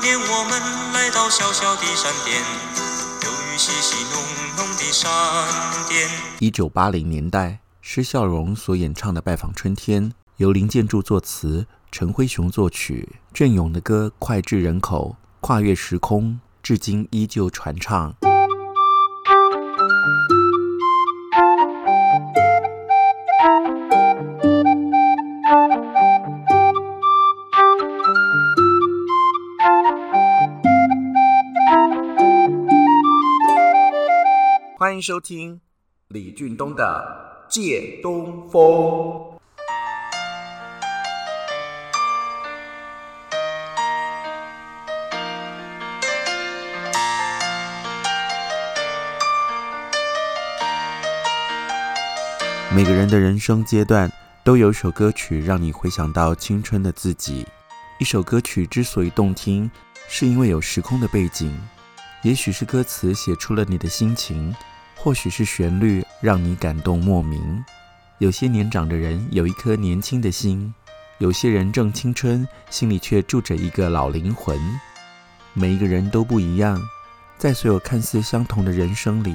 年我們來到小小的山巔，有雨細細濃濃的山巔，一九八零年代，施孝榮所演唱的拜訪春天，由林建助作詞，陳輝雄作曲，雋永的歌膾炙人口，跨越時空，至今依舊傳唱。歡迎收聽李俊東的《借東風》。每個人的人生階段都有一首歌曲讓你回想到青春的自己。一首歌曲之所以動聽，是因為有時空的背景，也許是歌詞寫出了你的心情。或許是旋律讓你感動莫名，有些年長的人有一顆年輕的心，有些人正青春，心裡卻住着一個老靈魂。每一個人都不一樣，在所有看似相同的人生裡，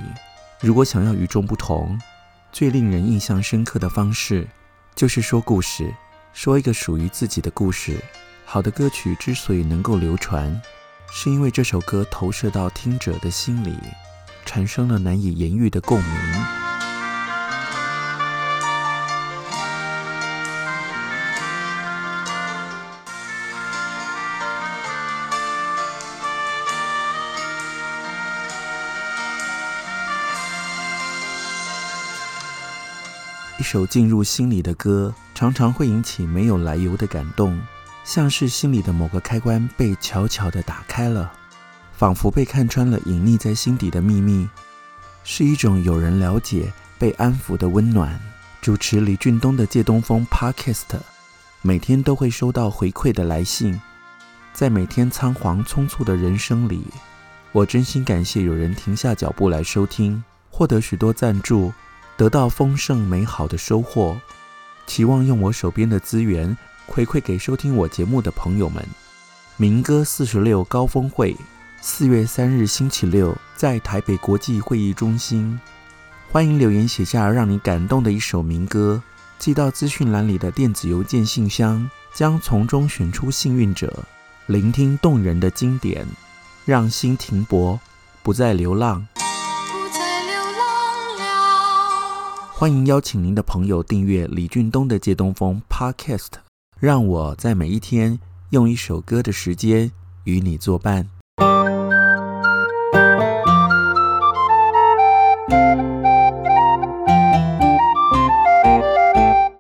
如果想要與眾不同，最令人印象深刻的方式，就是說故事，說一個屬於自己的故事。好的歌曲之所以能夠流傳，是因為這首歌投射到聽者的心裡。產生了難以言喻的共鳴。一首進入心裡的歌，常常會引起沒有來由的感動，像是心裡的某個開關被悄悄地打開了。仿佛被看穿了，隱匿在心底的秘密，是一種有人了解、被安撫的溫暖。主持李俊東的借東風 Podcast，每天都會收到回饋的來信。在每天倉皇匆促的人生裡，我真心感謝有人停下腳步來收聽，獲得許多贊助，得到豐盛美好的收穫。期望用我手邊的資源回饋給收聽我節目的朋友們。民歌四十六高峰會。四月三日，星期六，在台北國際會議中心，歡迎留言寫下讓你感動的一首民歌，寄到資訊欄裡的電子郵件信箱，將從中選出幸運者，聆聽動人的經典，讓心停泊，不再流浪。不再流浪了。歡迎邀請您的朋友訂閱李俊東的《借東風》Podcast，讓我在每一天用一首歌的時間與你作伴。